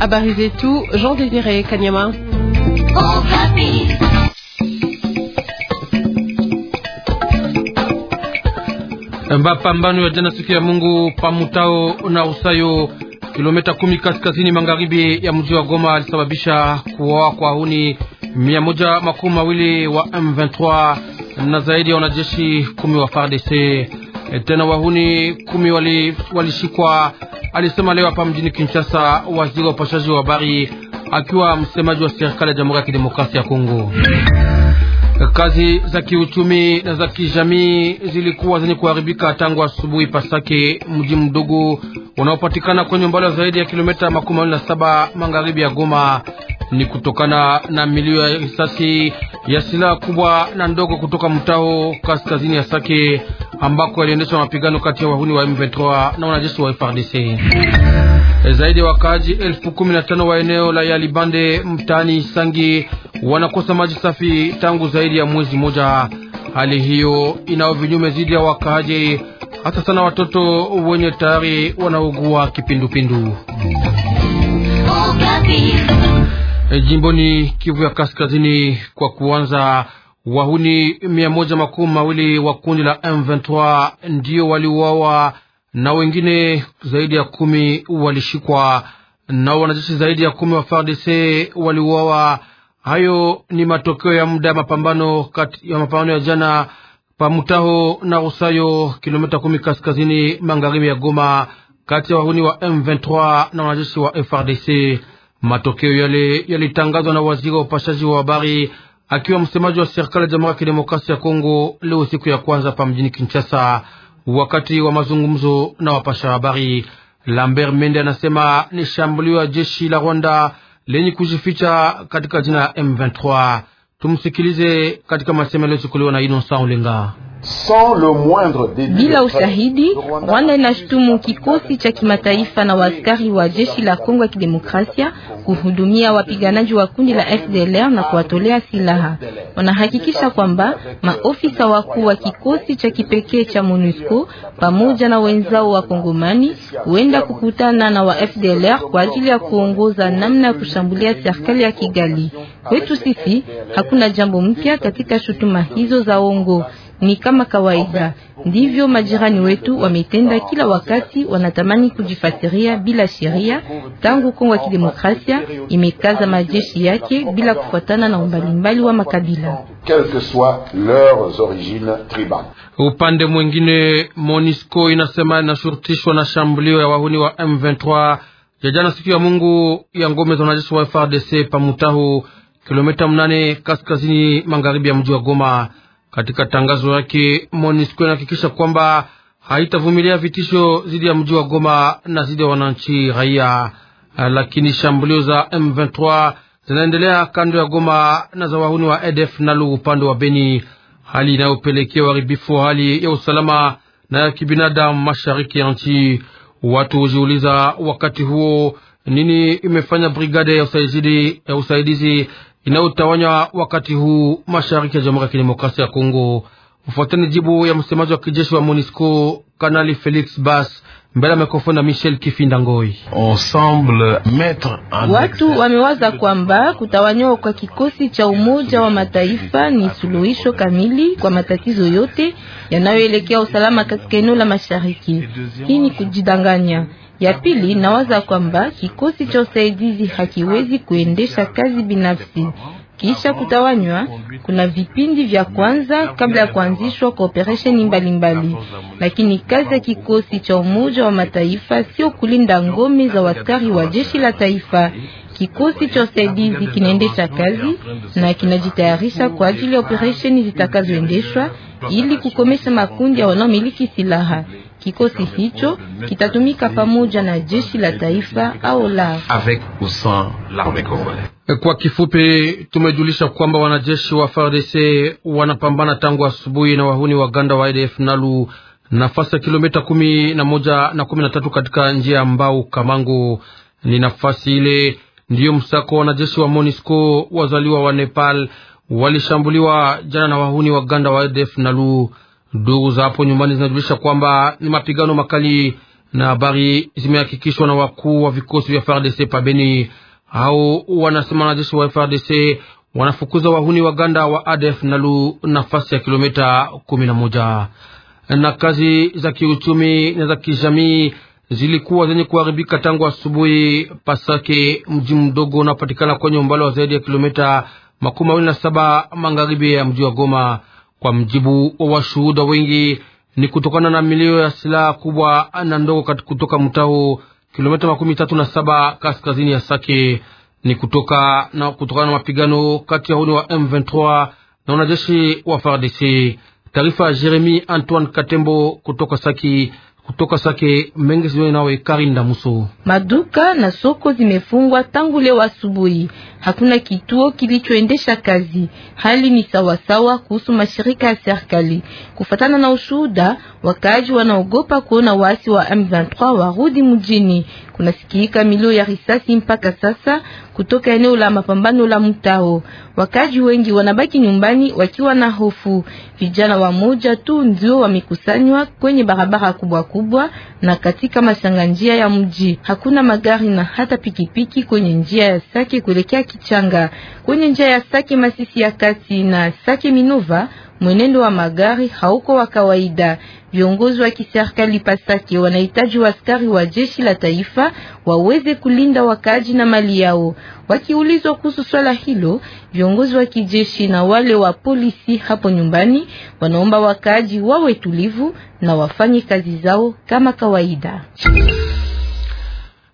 Habari zetu Jean Désiré Kanyama. Mapambano ya jana siku ya Mungu pamutao na Usayo, kilomita kumi kaskazini magharibi ya mji wa Goma, alisababisha kuoa kwa huni mia moja makumi mawili wa M23 na zaidi ya wanajeshi kumi wa FARDC. E tena wahuni kumi walishikwa wali, alisema leo hapa mjini Kinshasa waziri wa upashaji wa habari akiwa msemaji wa serikali ya Jamhuri ya Kidemokrasia ya Kongo. Kazi za kiuchumi na za kijamii zilikuwa zenye kuharibika tangu asubuhi Pasake, mji mdogo unaopatikana kwenye umbali wa zaidi ya kilomita makumi mawili na saba magharibi ya Goma. Ni kutokana na milio ya risasi ya silaha kubwa na ndogo kutoka mtao kaskazini ya Sake ambako yaliendeshwa mapigano kati ya wahuni wa M23 na wanajeshi wa FARDC. Zaidi ya wakaaji elfu kumi na tano wa eneo la Yalibande mtaani Sangi wanakosa maji safi tangu zaidi ya mwezi mmoja. Hali hiyo inao vinyume zidi ya wakaaji, hasa sana watoto wenye tayari wanaugua kipindupindu. Jimboni Kivu ya Kaskazini, kwa kuanza wahuni mia moja makumi mawili wa kundi la M23 ndio waliuawa na wengine zaidi ya kumi walishikwa na wanajeshi zaidi ya kumi wa FARDC waliuawa. Hayo ni matokeo ya muda ya mapambano kati ya mapambano ya jana pamutaho na Rusayo, kilomita kumi kaskazini magharibi ya Goma, kati ya wahuni wa M23 na wanajeshi wa FARDC. Matokeo yale yalitangazwa na waziri wa upashaji wa habari akiwa msemaji wa serikali ya Jamhuri ya Kidemokrasia ya Kongo leo siku ya kwanza pa mjini Kinshasa, wakati wa mazungumzo na wapasha habari. Lambert Mende anasema ni shambulio ya jeshi la Rwanda lenye kujificha katika jina ya M23. Tumsikilize katika masemo yaliyochukuliwa na Inosa Ulenga. Bila ushahidi, Rwanda inashutumu kikosi cha kimataifa na waskari wa jeshi la Kongo ya Kidemokrasia kuhudumia wapiganaji wa kundi la FDLR na kuwatolea silaha. Wanahakikisha kwamba maofisa wakuu wa kikosi cha kipekee cha MONUSCO pamoja na wenzao wa Kongomani huenda kukutana na wa FDLR kwa ajili ya kuongoza namna ya kushambulia serikali ya Kigali. Kwetu sisi hakuna jambo mpya katika shutuma hizo za uongo. Ni kama kawaida, ndivyo majirani wetu wametenda kila wakati, wanatamani kujifasiria bila sheria. Tangu Kongo ya Kidemokrasia imekaza majeshi yake bila kufuatana na umbalimbali wa makabila. Upande mwingine, Monisco inasema inashurutishwa na shambulio ya wahuni wa M23 ya jana siku ya Mungu ya ngome za wanajeshi wa frdc pamutahu kilomita mnane kaskazini magharibi ya mji wa Goma. Katika tangazo yake, MONUSCO inahakikisha kwamba haitavumilia vitisho dhidi ya mji wa Goma na dhidi ya wananchi raia, lakini shambulio za M23 zinaendelea kando ya Goma na za wahuni wa EDF nalu upande wa Beni, hali inayopelekea uharibifu wa hali ya usalama na ya kibinadamu mashariki ya nchi. Watu hujiuliza wakati huo nini imefanya brigade ya usaidizi ya usaidizi inayotawanya wakati huu mashariki ya Jamhuri ya Kidemokrasia ya Kongo. Mfuateni jibu ya msemaji wa kijeshi wa MONUSCO Kanali Felix Bas mbele ya mikrofoni na Michel Kifinda Ngoi. watu wamewaza kwamba kutawanywa kwa kikosi cha Umoja wa Mataifa ni suluhisho kamili kwa matatizo yote yanayoelekea usalama katika eneo la mashariki. Hii ni kujidanganya. Ya pili, nawaza kwamba kikosi cha usaidizi hakiwezi kuendesha kazi binafsi. Kisha kutawanywa kuna vipindi vya kwanza kabla ya kuanzishwa kwa operesheni mbalimbali, lakini kazi ya kikosi cha Umoja wa Mataifa sio kulinda ngome za waskari wa jeshi la taifa. Kikosi cha usaidizi kinaendesha kazi na kinajitayarisha kwa ajili ya operesheni zitakazoendeshwa ili kukomesha makundi ya wanaomiliki silaha. Kikosi hicho kitatumika pamoja na jeshi la taifa au la. Kwa kifupi, tumejulisha kwamba wanajeshi wa FARDC wanapambana tangu asubuhi wa na wahuni wa ganda wa ADF Nalu nafasi ya kilomita kumi na moja na kumi na tatu katika njia ya Mbau Kamango. Ni nafasi ile ndiyo msako wa wanajeshi wa MONUSCO wazaliwa wa Nepal walishambuliwa jana na wahuni wa ganda wa ADF Nalu. Ndugu za hapo nyumbani zinajulisha kwamba ni mapigano makali na habari zimehakikishwa na wakuu wa vikosi vya FARDC pabeni au wanasema wanajeshi wa FARDC wanafukuza wahuni waganda wa ADF Nalu nafasi ya kilomita kumi na moja. Na kazi za kiuchumi na za kijamii zilikuwa zenye kuharibika tangu asubuhi Pasake, mji mdogo unaopatikana kwenye umbali wa zaidi ya kilomita makumi mawili na saba magharibi ya mji wa Goma. Kwa mjibu wa washuhuda wengi, ni kutokana na milio ya silaha kubwa na ndogo kutoka mtao kilomita makumi tatu na saba kaskazini ya Sake. Ni kutoka na kutokana na mapigano kati ya huni wa M23 na wanajeshi wa FARDC. Taarifa ya Jeremie Antoine Katembo kutoka Saki kutoka Sake mengi siwe nawe Karinda Muso. Maduka na soko zimefungwa tangu leo asubuhi, hakuna kituo kilichoendesha kazi. Hali ni sawasawa kuhusu mashirika ya serikali. Kufatana na ushuhuda, wakaaji wanaogopa kuona waasi wa M23 warudi mjini. Kunasikika milio ya risasi mpaka sasa kutoka eneo la mapambano la Mtao. Wakaji wengi wanabaki nyumbani wakiwa na hofu. Vijana wa moja tu ndio wamekusanywa kwenye barabara kubwa kubwa na katika mashanga njia ya mji. Hakuna magari na hata pikipiki kwenye njia ya Sake kuelekea Kichanga. Kwenye njia ya Sake Masisi ya kati na Sake Minova mwenendo wa magari hauko wa kawaida. Viongozi wa kiserikali Pasake wanahitaji waskari wa jeshi la taifa waweze kulinda wakaaji na mali yao. Wakiulizwa kuhusu swala hilo, viongozi wa kijeshi na wale wa polisi hapo nyumbani wanaomba wakaaji wawe tulivu na wafanye kazi zao kama kawaida.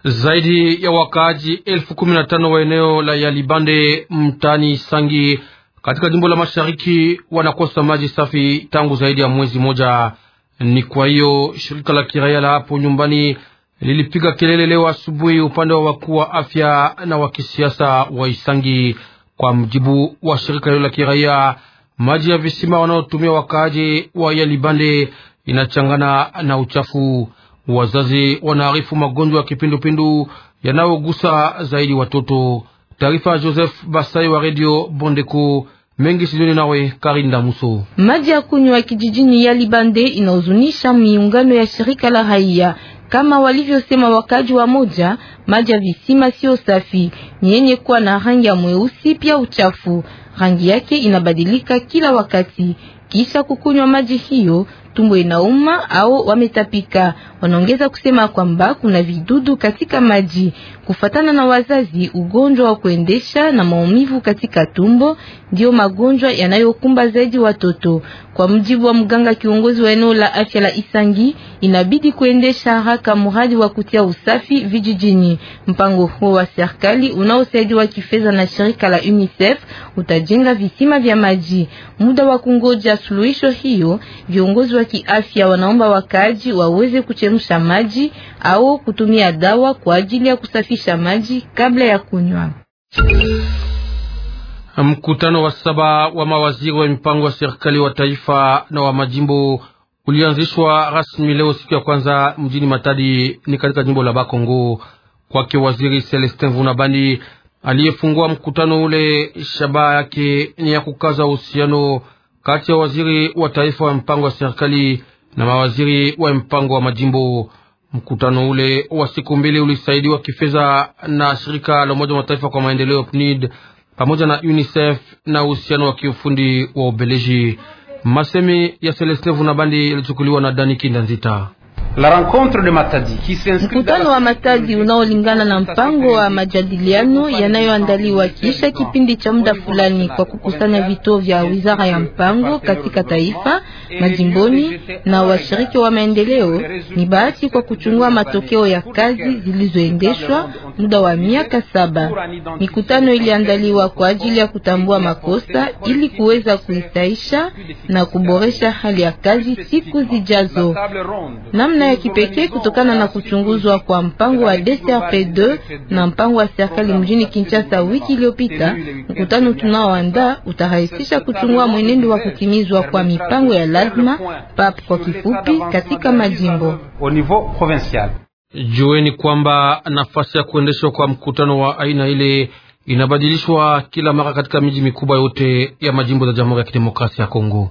Zaidi ya wakaaji elfu kumi na tano wa eneo la Yalibande mtaani Sangi katika jimbo la mashariki wanakosa maji safi tangu zaidi ya mwezi moja. Ni kwa hiyo shirika la kiraia la hapo nyumbani lilipiga kelele leo asubuhi upande wa wakuu wa afya na wa kisiasa wa Isangi. Kwa mjibu wa shirika hilo la kiraia, maji ya visima wanaotumia wakaaji wa Yalibande inachangana na uchafu. Wazazi wanaarifu magonjwa ya kipindupindu yanayogusa zaidi watoto. Taarifa ya Joseph Basai wa redio Bondeko mengi sidoni nawe Karinda Muso. Maji ya kunywa kijijini ya Libande inahuzunisha miungano ya shirika la raia kama walivyosema wakaji wa moja, maji ya visima sio safi, ni yenye kuwa na rangi ya mweusi pia uchafu. Rangi yake inabadilika kila wakati. Kisha kukunywa maji hiyo, tumbo inauma au wametapika. Wanaongeza kusema kwamba kuna vidudu katika maji. Kufatana na wazazi, ugonjwa wa kuendesha na maumivu katika tumbo ndio magonjwa yanayokumba zaidi watoto. Kwa mjibu wa mganga kiongozi wa eneo la afya la Isangi, inabidi kuendesha haraka mradi wa kutia usafi vijijini. Mpango huo wa serikali unaosaidiwa kifedha na shirika la UNICEF utajenga visima vya maji. Muda wa kungoja suluhisho hiyo, viongozi wa kiafya wanaomba wakaaji waweze kuchemsha maji au kutumia dawa kwa ajili ya kusafisha maji kabla ya kunywa. Mkutano wa saba wa mawaziri wa mipango ya serikali wa taifa na wa majimbo ulianzishwa rasmi leo siku ya kwanza mjini Matadi ni katika jimbo la Bakongo. Kwake waziri Celestin Vunabani aliyefungua mkutano ule, shabaha yake ni ya kukaza uhusiano kati ya waziri wa taifa wa mpango wa serikali na mawaziri wa mpango wa majimbo. Mkutano ule wa siku mbili ulisaidiwa kifedha na shirika la Umoja wa Mataifa kwa maendeleo PNID pamoja na UNICEF na uhusiano wa kiufundi wa Ubeleji. Masemi ya Celestin Vunabandi yalichukuliwa na Dani Kindanzita. Mkutano wa Matadi unaolingana na mpango wa majadiliano yanayoandaliwa kisha kipindi cha muda fulani kwa kukusanya vituo vya wizara ya mpango katika taifa, majimboni na washiriki wa maendeleo, ni bahati kwa kuchungua matokeo ya kazi zilizoendeshwa muda wa miaka saba. Mikutano iliandaliwa kwa ajili ya kutambua makosa ili kuweza kuitaisha na kuboresha hali ya kazi siku zijazo namna namna ya kipekee kutokana na kuchunguzwa kwa mpango wa DCRP2 na mpango wa serikali mjini Kinshasa wiki iliyopita. Mkutano tunaoandaa utarahisisha kuchungua mwenendo wa kutimizwa kwa mipango ya lazima PAP kwa kifupi katika majimbo. Jueni kwamba nafasi ya kuendeshwa kwa mkutano wa aina ile inabadilishwa kila mara katika miji mikubwa yote ya majimbo za Jamhuri ya Kidemokrasia ya Kongo.